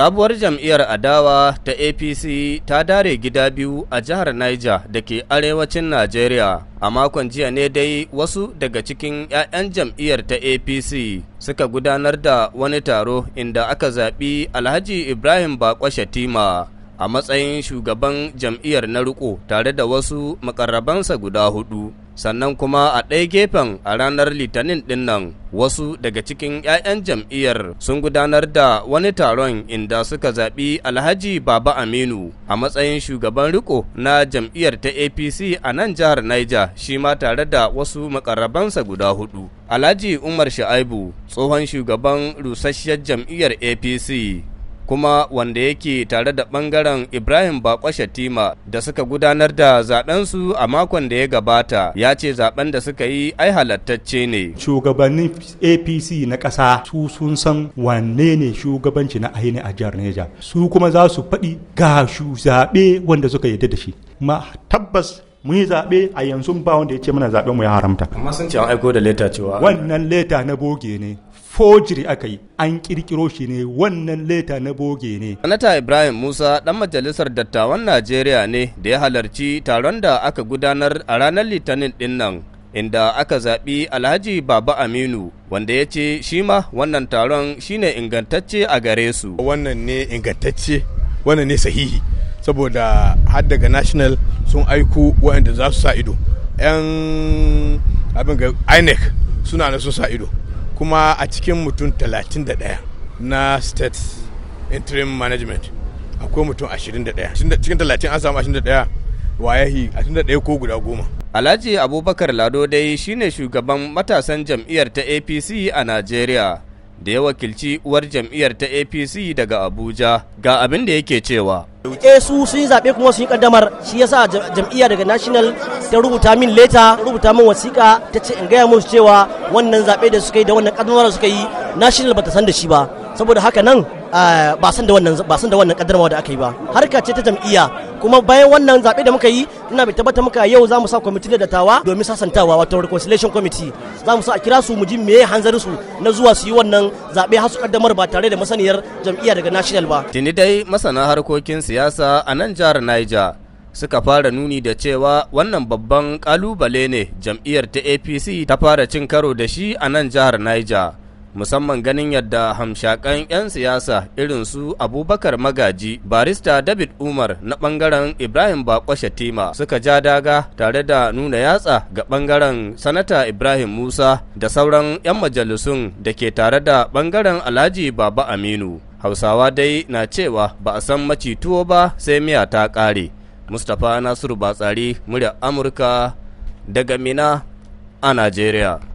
Sabuwar jam'iyyar adawa ta APC ta dare gida biyu a jihar Niger da ke arewacin Najeriya. A makon jiya ne dai wasu daga cikin 'ya'yan jam'iyyar ta APC suka gudanar da wani taro inda aka zaɓi Alhaji Ibrahim Bako Shatima a matsayin shugaban jam'iyyar na riko tare da wasu makarrabansa guda hudu. sannan kuma a ɗaya gefen a ranar litinin ɗin wasu daga cikin 'ya'yan jam'iyyar sun gudanar da wani taron inda suka zaɓi alhaji baba aminu a matsayin shugaban riko na jam'iyyar ta apc a nan jihar niger shi ma tare da wasu makarabansa guda hudu alhaji umar sha'aibu tsohon shugaban rusasshiyar jam'iyyar apc kuma wanda yake tare da bangaren Ibrahim Bako Shatima da suka gudanar da zaɓensu a makon da ya gabata ya ce zaben da suka yi ai halattacce ne. Shugabannin APC na ƙasa su sun san wanne ne shugabanci na aini a jihar Neja su kuma za su faɗi ga shu zaɓe wanda suka yarda da shi. Ma tabbas mun yi zaɓe a yanzu ba wanda ya ce mana zaɓe mu ya haramta amma sun ce an aiko da leta cewa wannan leta na boge ne fojiri aka yi an kirkiro shi ne wannan leta na boge ne sanata ibrahim musa dan majalisar dattawan najeriya ne da ya halarci taron da aka gudanar a ranar litinin dinnan. inda aka zaɓi alhaji baba aminu wanda ya ce shi ma wannan taron shine ingantacce a gare su wannan ne ingantacce wannan ne sahihi saboda har daga national sun aiko waɗanda za su sa ido 'yan abin ga inec suna na sun sa ido kuma a cikin mutum 31 na state interim management akwai mutum 21 cikin 30 an samu 21 wayahi 21 ko guda goma alhaji abubakar lado dai shine shugaban matasan jam'iyyar ta apc a najeriya da ya wakilci uwar jam'iyyar ta apc daga abuja ga abin da yake cewa eh su sun yi zaɓe kuma sun yi kaddamar shi yasa jam'iyya daga national ta rubuta min leta rubuta min wasiƙa ta ce in gaya musu cewa wannan zaɓe da suka yi da wannan kaddamar da suka yi national bata san da shi ba saboda haka nan ah, ba san da wannan ba san da wannan da aka yi ba harka ce ta jam'iyya kuma bayan wannan zaɓe da muka yi ina bai tabbata muka yau za mu sa kwamiti da dattawa domin sasantawa wato reconciliation committee za mu sa a kira su mu ji me ya hanzari su na zuwa su yi wannan zaɓe har su kaddamar ba tare da masaniyar jam'iyya daga national ba. Tuni dai masana harkokin siyasa a nan jihar Niger suka fara nuni da cewa wannan babban kalubale ne jam'iyyar ta APC ta fara cin karo da shi a nan jihar Niger. musamman ganin yadda hamshakan 'yan siyasa irin su abubakar magaji barista david umar na bangaren ibrahim bako shatima suka ja daga tare da nuna yatsa ga bangaren sanata ibrahim musa da sauran 'yan majalisun da ke tare da bangaren alhaji baba aminu hausawa dai na cewa ba a san maci tuwo ba sai miya ta ƙare mustapha nasiru batsari muryar amurka daga mina a najeriya